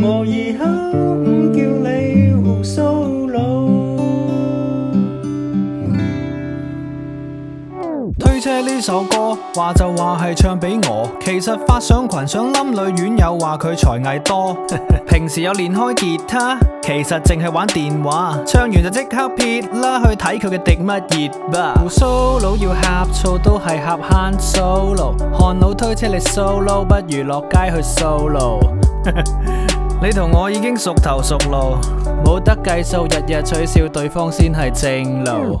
我以後唔叫你鬍鬚佬推車呢首歌，話就話係唱俾我。其實發上群想冧女院友，話佢才藝多。平時有練開吉他，其實淨係玩電話。唱完就即刻撇啦，去睇佢嘅迪乜熱巴。鬍鬚佬要呷醋都係呷 Han Solo，汗老推車你 solo，不如落街去 solo。 你同我已經熟頭熟路，冇得計數，日日取笑對方先係正路。